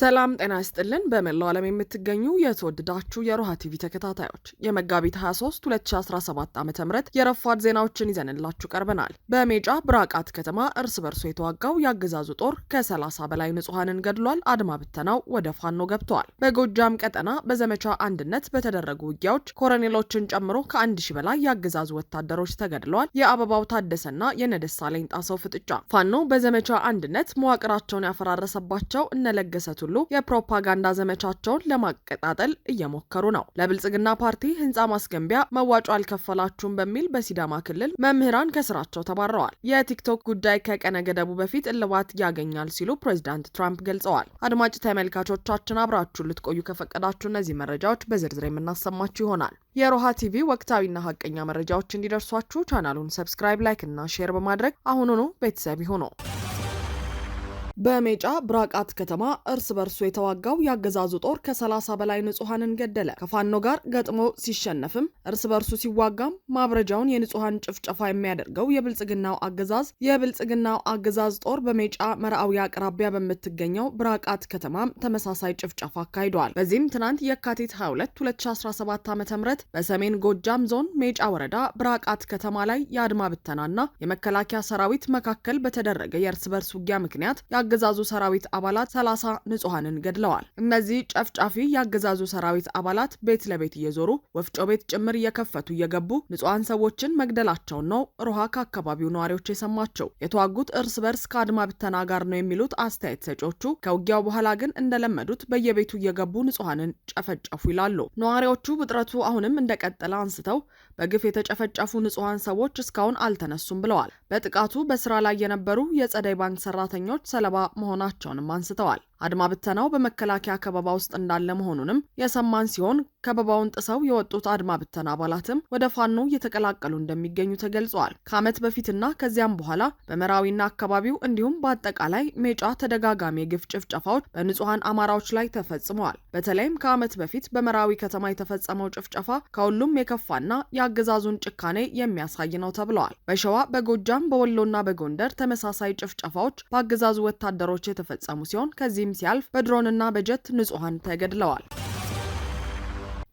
ሰላም ጤና ይስጥልን። በመላው ዓለም የምትገኙ የተወደዳችሁ የሮሃ ቲቪ ተከታታዮች የመጋቢት 23 2017 ዓ ም የረፋድ ዜናዎችን ይዘንላችሁ ቀርበናል። በሜጫ ብራቃት ከተማ እርስ በርሶ የተዋጋው የአገዛዙ ጦር ከ30 በላይ ንጹሐንን ገድሏል። አድማ ብተናው ወደ ፋኖ ገብተዋል። በጎጃም ቀጠና በዘመቻ አንድነት በተደረጉ ውጊያዎች ኮረኔሎችን ጨምሮ ከ1000 በላይ የአገዛዙ ወታደሮች ተገድለዋል። የአበባው ታደሰና የነደሳለኝ ጣሰው ፍጥጫ ፋኖ በዘመቻ አንድነት መዋቅራቸውን ያፈራረሰባቸው እነለገሰቱ ሁሉ የፕሮፓጋንዳ ዘመቻቸውን ለማቀጣጠል እየሞከሩ ነው። ለብልጽግና ፓርቲ ህንፃ ማስገንቢያ መዋጮ አልከፈላችሁም በሚል በሲዳማ ክልል መምህራን ከስራቸው ተባረዋል። የቲክቶክ ጉዳይ ከቀነ ገደቡ በፊት እልባት ያገኛል ሲሉ ፕሬዚዳንት ትራምፕ ገልጸዋል። አድማጭ ተመልካቾቻችን አብራችሁ ልትቆዩ ከፈቀዳችሁ እነዚህ መረጃዎች በዝርዝር የምናሰማችሁ ይሆናል። የሮሃ ቲቪ ወቅታዊና ሀቀኛ መረጃዎች እንዲደርሷችሁ ቻናሉን ሰብስክራይብ፣ ላይክ እና ሼር በማድረግ አሁኑኑ ቤተሰብ ይሁኑ። በሜጫ ብራቃት ከተማ እርስ በርሱ የተዋጋው የአገዛዙ ጦር ከ30 በላይ ንጹሐንን ገደለ። ከፋኖ ጋር ገጥሞ ሲሸነፍም እርስ በርሱ ሲዋጋም ማብረጃውን የንጹሐን ጭፍጨፋ የሚያደርገው የብልጽግናው አገዛዝ የብልጽግናው አገዛዝ ጦር በሜጫ መርአዊ አቅራቢያ በምትገኘው ብራቃት ከተማም ተመሳሳይ ጭፍጨፋ አካሂደዋል። በዚህም ትናንት የካቲት 22 2017 ዓ ም በሰሜን ጎጃም ዞን ሜጫ ወረዳ ብራቃት ከተማ ላይ የአድማ ብተናና የመከላከያ ሰራዊት መካከል በተደረገ የእርስ በርስ ውጊያ ምክንያት የአገዛዙ ሰራዊት አባላት ሰላሳ ንጹሐንን ገድለዋል። እነዚህ ጨፍጫፊ የአገዛዙ ሰራዊት አባላት ቤት ለቤት እየዞሩ ወፍጮ ቤት ጭምር እየከፈቱ እየገቡ ንጹሐን ሰዎችን መግደላቸውን ነው ሮሃ ከአካባቢው ነዋሪዎች የሰማቸው። የተዋጉት እርስ በርስ ከአድማ ብተና ጋር ነው የሚሉት አስተያየት ሰጪዎቹ፣ ከውጊያው በኋላ ግን እንደለመዱት በየቤቱ እየገቡ ንጹሐንን ጨፈጨፉ ይላሉ። ነዋሪዎቹ ውጥረቱ አሁንም እንደቀጠለ አንስተው በግፍ የተጨፈጨፉ ንጹሐን ሰዎች እስካሁን አልተነሱም ብለዋል። በጥቃቱ በስራ ላይ የነበሩ የጸደይ ባንክ ሰራተኞች ሰለ ባልደረባ መሆናቸውንም አንስተዋል። አድማ ብተናው በመከላከያ ከበባ ውስጥ እንዳለ መሆኑንም የሰማን ሲሆን ከበባውን ጥሰው የወጡት አድማ ብተና አባላትም ወደ ፋኖ እየተቀላቀሉ እንደሚገኙ ተገልጿል። ከዓመት በፊትና ከዚያም በኋላ በመራዊና አካባቢው እንዲሁም በአጠቃላይ ሜጫ ተደጋጋሚ የግፍ ጭፍጨፋዎች በንጹሐን አማራዎች ላይ ተፈጽመዋል። በተለይም ከዓመት በፊት በመራዊ ከተማ የተፈጸመው ጭፍጨፋ ከሁሉም የከፋና የአገዛዙን ጭካኔ የሚያሳይ ነው ተብለዋል። በሸዋ በጎጃም በወሎና በጎንደር ተመሳሳይ ጭፍጨፋዎች በአገዛዙ ወታደሮች የተፈጸሙ ሲሆን ከዚህም ሲያልፍ በድሮንና በጀት ንጹሐን ተገድለዋል።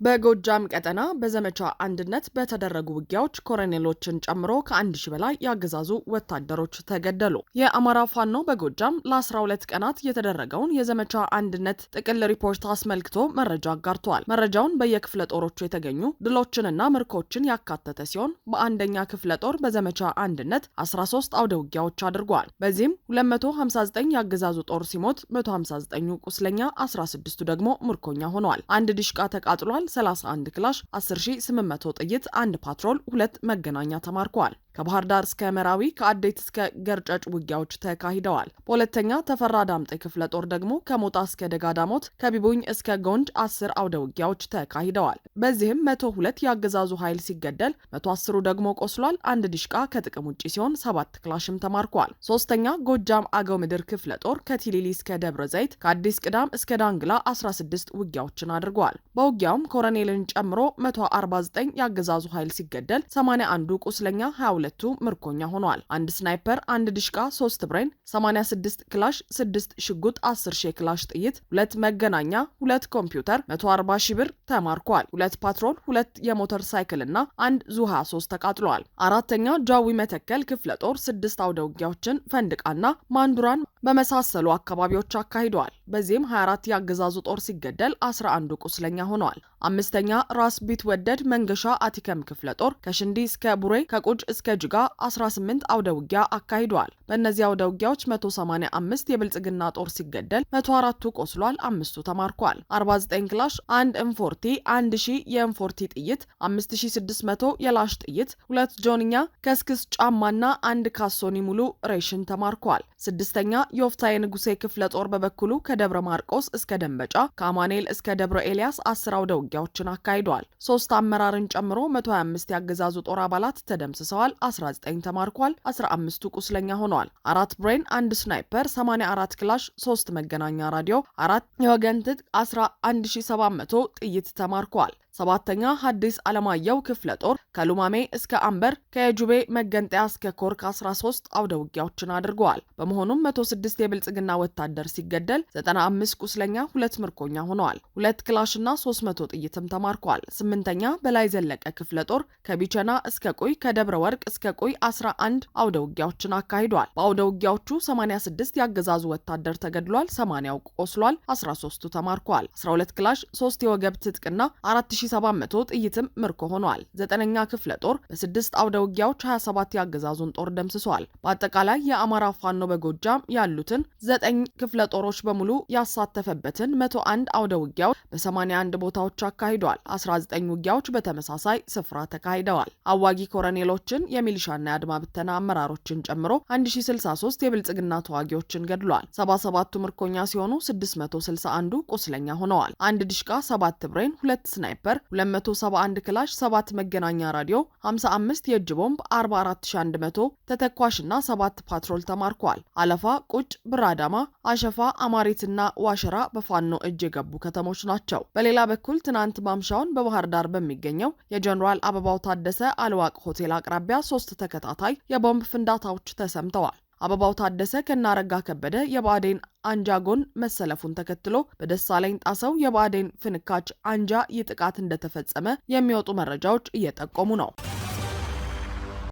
በጎጃም ቀጠና በዘመቻ አንድነት በተደረጉ ውጊያዎች ኮሎኔሎችን ጨምሮ ከአንድ ሺ በላይ ያገዛዙ ወታደሮች ተገደሉ። የአማራ ፋኖ በጎጃም ለ12 ቀናት የተደረገውን የዘመቻ አንድነት ጥቅል ሪፖርት አስመልክቶ መረጃ አጋርተዋል። መረጃውን በየክፍለ ጦሮቹ የተገኙ ድሎችንና ምርኮችን ያካተተ ሲሆን በአንደኛ ክፍለ ጦር በዘመቻ አንድነት 13 አውደ ውጊያዎች አድርጓል። በዚህም 259 ያገዛዙ ጦር ሲሞት 159 ቁስለኛ፣ 16ቱ ደግሞ ምርኮኛ ሆነዋል። አንድ ድሽቃ ተቃጥሏል። 31 ክላሽ፣ 10800 ጥይት፣ አንድ ፓትሮል፣ ሁለት መገናኛ ተማርከዋል። ከባህር ዳር እስከ መራዊ ከአዴት እስከ ገርጨጭ ውጊያዎች ተካሂደዋል። በሁለተኛ ተፈራ ዳምጤ ክፍለ ጦር ደግሞ ከሞጣ እስከ ደጋዳሞት ከቢቡኝ እስከ ጎንጅ አስር አውደ ውጊያዎች ተካሂደዋል። በዚህም መቶ ሁለት የአገዛዙ ኃይል ሲገደል መቶ አስሩ ደግሞ ቆስሏል። አንድ ዲሽቃ ከጥቅም ውጭ ሲሆን ሰባት ክላሽም ተማርኳል። ሶስተኛ ጎጃም አገው ምድር ክፍለ ጦር ከቲሊሊ እስከ ደብረ ዘይት ከአዲስ ቅዳም እስከ ዳንግላ 16 ውጊያዎችን አድርጓል። በውጊያውም ኮረኔልን ጨምሮ 149 የአገዛዙ ኃይል ሲገደል 81 ቁስለኛ 22 ሁለቱ ምርኮኛ ሆኗል። አንድ ስናይፐር፣ አንድ ድሽቃ፣ ሶስት ብሬን፣ 86 ክላሽ፣ ስድስት ሽጉጥ፣ 10 ሺህ ክላሽ ጥይት፣ ሁለት መገናኛ፣ ሁለት ኮምፒውተር፣ 140 ሺህ ብር ተማርከዋል። ሁለት ፓትሮል፣ ሁለት የሞተር ሳይክል እና አንድ ዙሃ 3 ተቃጥለዋል። አራተኛ ጃዊ መተከል ክፍለ ጦር ስድስት አውደ ውጊያዎችን ፈንድቃና ማንዱራን በመሳሰሉ አካባቢዎች አካሂደዋል። በዚህም 24 የአገዛዙ ጦር ሲገደል 11ዱ ቁስለኛ ሆነዋል። አምስተኛ ራስ ቢትወደድ መንገሻ አቲከም ክፍለ ጦር ከሽንዲ እስከ ቡሬ ከቁጭ እስከ ከጅጋ 18 አውደ ውጊያ አካሂዷል በእነዚህ አውደ ውጊያዎች 185 የብልጽግና ጦር ሲገደል 104ቱ ቆስሏል፣ አምስቱ ተማርኳል። 49 ክላሽ፣ 1 ኤምፎርቲ፣ 1000 የኤምፎርቲ ጥይት፣ 5600 የላሽ ጥይት፣ ሁለት ጆንኛ ከስክስ ጫማና አንድ ካሶኒ ሙሉ ሬሽን ተማርኳል። ስድስተኛ የወፍታ የንጉሴ ክፍለ ጦር በበኩሉ ከደብረ ማርቆስ እስከ ደንበጫ ከአማኔል እስከ ደብረ ኤልያስ አስር አውደ ውጊያዎችን አካሂደዋል። ሶስት አመራርን ጨምሮ 125 ያገዛዙ ጦር አባላት ተደምስሰዋል፣ 19 ተማርኳል፣ 15ቱ ቁስለኛ ሆኗል። ሆኗል። አራት ብሬን፣ አንድ ስናይፐር፣ 84 ክላሽ፣ ሶስት መገናኛ ራዲዮ፣ አራት የወገን ትጥቅ፣ 11700 ጥይት ተማርከዋል። ሰባተኛ ሐዲስ ዓለማየሁ ክፍለ ጦር ከሉማሜ እስከ አንበር ከየጁቤ መገንጠያ እስከ ኮርክ 13 አውደ ውጊያዎችን አድርገዋል። በመሆኑም 106 የብልጽግና ወታደር ሲገደል 95 ቁስለኛ፣ ሁለት ምርኮኛ ሆነዋል። ሁለት ክላሽና 300 ጥይትም ተማርከዋል። ስምንተኛ በላይ ዘለቀ ክፍለ ጦር ከቢቸና እስከ ቁይ ከደብረ ወርቅ እስከ ቁይ 11 አውደ ውጊያዎችን አካሂዷል። በአውደ ውጊያዎቹ 86 የአገዛዙ ወታደር ተገድሏል፣ 80ው ቆስሏል፣ 13ቱ ተማርከዋል። 12 ክላሽ 3 የወገብ ትጥቅና 4 1700 ጥይትም ምርኮ ሆኗል። ዘጠነኛ ክፍለ ጦር በስድስት አውደ ውጊያዎች 27 የአገዛዙን ጦር ደምስሷል። በአጠቃላይ የአማራ ፋኖ በጎጃም ያሉትን ዘጠኝ ክፍለ ጦሮች በሙሉ ያሳተፈበትን 101 አውደ ውጊያዎች በ81 ቦታዎች አካሂዷል። 19 ውጊያዎች በተመሳሳይ ስፍራ ተካሂደዋል። አዋጊ ኮረኔሎችን የሚሊሻና የአድማ ብተና አመራሮችን ጨምሮ 1063 የብልጽግና ተዋጊዎችን ገድሏል። 77ቱ ምርኮኛ ሲሆኑ 661ዱ ቁስለኛ ሆነዋል። አንድ ድሽቃ፣ ሰባት ብሬን፣ ሁለት ስናይፐር ሞርተር፣ 271 ክላሽ፣ 7 መገናኛ ራዲዮ፣ 55 የእጅ ቦምብ፣ 44100 ተተኳሽና 7 ፓትሮል ተማርኳል። አለፋ፣ ቁጭ፣ ብራዳማ፣ አሸፋ፣ አማሪትና ዋሸራ በፋኖ እጅ የገቡ ከተሞች ናቸው። በሌላ በኩል ትናንት ማምሻውን በባህር ዳር በሚገኘው የጀኔራል አበባው ታደሰ አልዋቅ ሆቴል አቅራቢያ ሶስት ተከታታይ የቦምብ ፍንዳታዎች ተሰምተዋል። አበባው ታደሰ ከናረጋ ከበደ የባዴን አንጃ ጎን መሰለፉን ተከትሎ በደሳለኝ ጣሰው የባዴን ፍንካች አንጃ ይህ ጥቃት እንደተፈጸመ የሚወጡ መረጃዎች እየጠቆሙ ነው።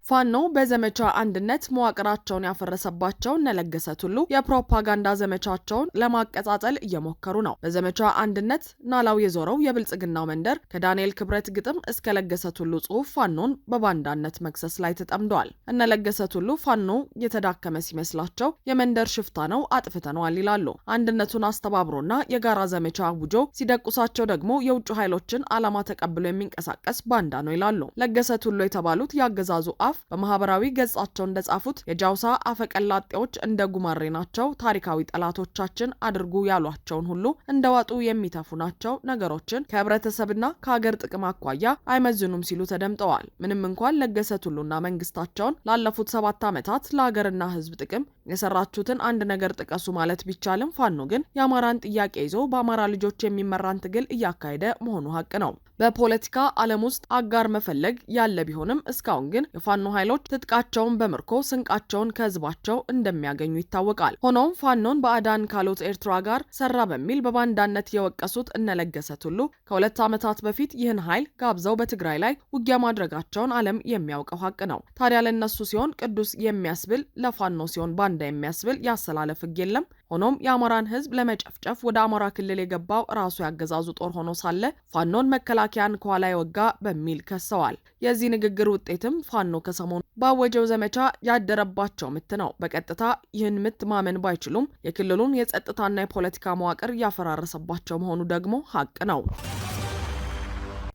ፋኖ በዘመቻ አንድነት መዋቅራቸውን ያፈረሰባቸው እነለገሰ ቱሉ የፕሮፓጋንዳ ዘመቻቸውን ለማቀጣጠል እየሞከሩ ነው። በዘመቻ አንድነት ናላው የዞረው የብልጽግናው መንደር ከዳንኤል ክብረት ግጥም እስከ ለገሰ ቱሉ ጽሁፍ ፋኖን በባንዳነት መክሰስ ላይ ተጠምደዋል። እነለገሰ ቱሉ ፋኖ የተዳከመ ሲመስላቸው የመንደር ሽፍታ ነው አጥፍተነዋል ይላሉ። አንድነቱን አስተባብሮና የጋራ ዘመቻ አውጆ ሲደቁሳቸው ደግሞ የውጭ ኃይሎችን አላማ ተቀብሎ የሚንቀሳቀስ ባንዳ ነው ይላሉ። ለገሰ ቱሉ የተባሉት የአገዛዙ አፍ ጃፍ በማህበራዊ ገጻቸው እንደጻፉት የጃውሳ አፈቀላጤዎች እንደ ጉማሬ ናቸው። ታሪካዊ ጠላቶቻችን አድርጉ ያሏቸውን ሁሉ እንደዋጡ የሚተፉ ናቸው። ነገሮችን ከህብረተሰብና ከሀገር ጥቅም አኳያ አይመዝኑም ሲሉ ተደምጠዋል። ምንም እንኳን ለገሰ ቱሉና መንግስታቸውን ላለፉት ሰባት ዓመታት ለሀገርና ህዝብ ጥቅም የሰራችሁትን አንድ ነገር ጥቀሱ ማለት ቢቻልም ፋኖ ግን የአማራን ጥያቄ ይዞ በአማራ ልጆች የሚመራን ትግል እያካሄደ መሆኑ ሀቅ ነው። በፖለቲካ ዓለም ውስጥ አጋር መፈለግ ያለ ቢሆንም እስካሁን ግን የፋኖ ኃይሎች ትጥቃቸውን በምርኮ ስንቃቸውን ከህዝባቸው እንደሚያገኙ ይታወቃል። ሆኖም ፋኖን በአዳን ካሉት ኤርትራ ጋር ሰራ በሚል በባንዳነት የወቀሱት እነለገሰ ቱሉ ከሁለት ዓመታት በፊት ይህን ኃይል ጋብዘው በትግራይ ላይ ውጊያ ማድረጋቸውን ዓለም የሚያውቀው ሀቅ ነው። ታዲያ ለነሱ ሲሆን ቅዱስ የሚያስብል ለፋኖ ሲሆን ባንዳ የሚያስብል ያሰላለፍ ህግ የለም። ሆኖም የአማራን ህዝብ ለመጨፍጨፍ ወደ አማራ ክልል የገባው ራሱ ያገዛዙ ጦር ሆኖ ሳለ ፋኖን መከላከያን ከኋላ የወጋ በሚል ከሰዋል። የዚህ ንግግር ውጤትም ፋኖ ከሰሞኑ ባወጀው ዘመቻ ያደረባቸው ምት ነው። በቀጥታ ይህን ምት ማመን ባይችሉም የክልሉን የጸጥታና የፖለቲካ መዋቅር እያፈራረሰባቸው መሆኑ ደግሞ ሀቅ ነው።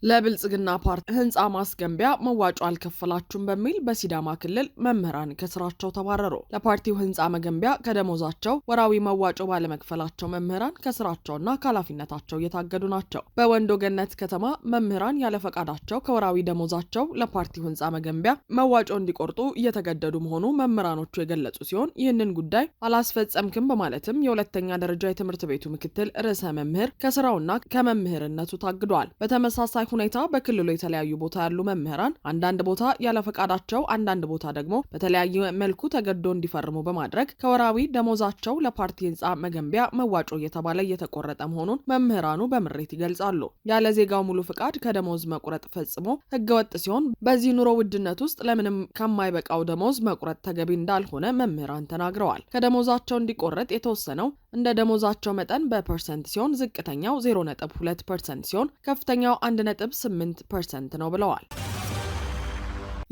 ለብልጽግና ፓርቲ ህንፃ ማስገንቢያ መዋጮ አልከፈላችሁም በሚል በሲዳማ ክልል መምህራን ከስራቸው ተባረሩ። ለፓርቲው ህንፃ መገንቢያ ከደሞዛቸው ወራዊ መዋጮ ባለመክፈላቸው መምህራን ከስራቸውና ከኃላፊነታቸው እየታገዱ ናቸው። በወንዶ ገነት ከተማ መምህራን ያለፈቃዳቸው ከወራዊ ደሞዛቸው ለፓርቲው ህንፃ መገንቢያ መዋጮ እንዲቆርጡ እየተገደዱ መሆኑ መምህራኖቹ የገለጹ ሲሆን ይህንን ጉዳይ አላስፈጸምክም በማለትም የሁለተኛ ደረጃ የትምህርት ቤቱ ምክትል ርዕሰ መምህር ከስራውና ከመምህርነቱ ታግዷል። በተመሳሳይ ሁኔታ በክልሉ የተለያዩ ቦታ ያሉ መምህራን አንዳንድ ቦታ ያለፈቃዳቸው፣ አንዳንድ ቦታ ደግሞ በተለያየ መልኩ ተገዶ እንዲፈርሙ በማድረግ ከወራዊ ደሞዛቸው ለፓርቲ ህንፃ መገንቢያ መዋጮ እየተባለ እየተቆረጠ መሆኑን መምህራኑ በምሬት ይገልጻሉ። ያለ ዜጋው ሙሉ ፍቃድ ከደሞዝ መቁረጥ ፈጽሞ ህገወጥ ሲሆን በዚህ ኑሮ ውድነት ውስጥ ለምንም ከማይበቃው ደሞዝ መቁረጥ ተገቢ እንዳልሆነ መምህራን ተናግረዋል። ከደሞዛቸው እንዲቆረጥ የተወሰነው እንደ ደሞዛቸው መጠን በፐርሰንት ሲሆን ዝቅተኛው 0.2 ፐርሰንት ሲሆን ከፍተኛው 1 ነጥብ 8 ፐርሰንት ነው ብለዋል።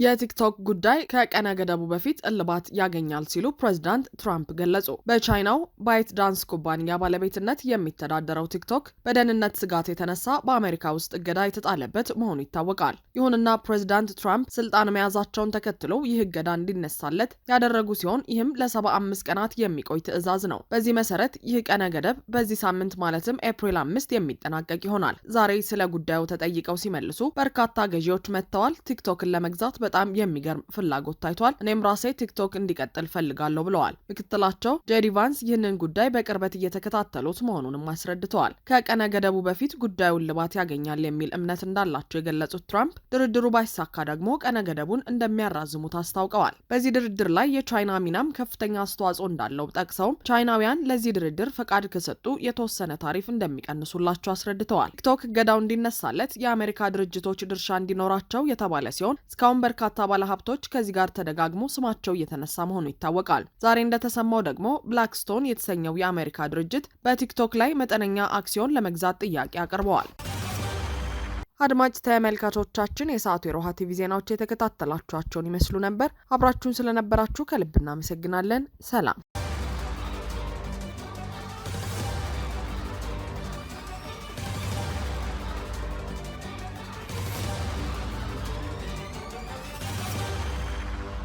የቲክቶክ ጉዳይ ከቀነ ገደቡ በፊት እልባት ያገኛል ሲሉ ፕሬዚዳንት ትራምፕ ገለጹ። በቻይናው ባይት ዳንስ ኩባንያ ባለቤትነት የሚተዳደረው ቲክቶክ በደህንነት ስጋት የተነሳ በአሜሪካ ውስጥ እገዳ የተጣለበት መሆኑ ይታወቃል። ይሁንና ፕሬዚዳንት ትራምፕ ስልጣን መያዛቸውን ተከትሎ ይህ እገዳ እንዲነሳለት ያደረጉ ሲሆን ይህም ለሰባ አምስት ቀናት የሚቆይ ትዕዛዝ ነው። በዚህ መሰረት ይህ ቀነ ገደብ በዚህ ሳምንት ማለትም ኤፕሪል አምስት የሚጠናቀቅ ይሆናል። ዛሬ ስለ ጉዳዩ ተጠይቀው ሲመልሱ በርካታ ገዢዎች መጥተዋል። ቲክቶክን ለመግዛት በጣም የሚገርም ፍላጎት ታይቷል። እኔም ራሴ ቲክቶክ እንዲቀጥል ፈልጋለሁ ብለዋል። ምክትላቸው ጄዲ ቫንስ ይህንን ጉዳይ በቅርበት እየተከታተሉት መሆኑንም አስረድተዋል። ከቀነ ገደቡ በፊት ጉዳዩን ልባት ያገኛል የሚል እምነት እንዳላቸው የገለጹት ትራምፕ ድርድሩ ባይሳካ ደግሞ ቀነ ገደቡን እንደሚያራዝሙት አስታውቀዋል። በዚህ ድርድር ላይ የቻይና ሚናም ከፍተኛ አስተዋጽኦ እንዳለው ጠቅሰውም ቻይናውያን ለዚህ ድርድር ፈቃድ ከሰጡ የተወሰነ ታሪፍ እንደሚቀንሱላቸው አስረድተዋል። ቲክቶክ እገዳው እንዲነሳለት የአሜሪካ ድርጅቶች ድርሻ እንዲኖራቸው የተባለ ሲሆን እስካሁን በርካታ በርካታ ባለሀብቶች ከዚህ ጋር ተደጋግሞ ስማቸው እየተነሳ መሆኑ ይታወቃል። ዛሬ እንደተሰማው ደግሞ ብላክስቶን የተሰኘው የአሜሪካ ድርጅት በቲክቶክ ላይ መጠነኛ አክሲዮን ለመግዛት ጥያቄ አቅርበዋል። አድማጭ ተመልካቾቻችን የሰዓቱ የሮሃ ቲቪ ዜናዎች የተከታተላችኋቸውን ይመስሉ ነበር። አብራችሁን ስለነበራችሁ ከልብ እናመሰግናለን። ሰላም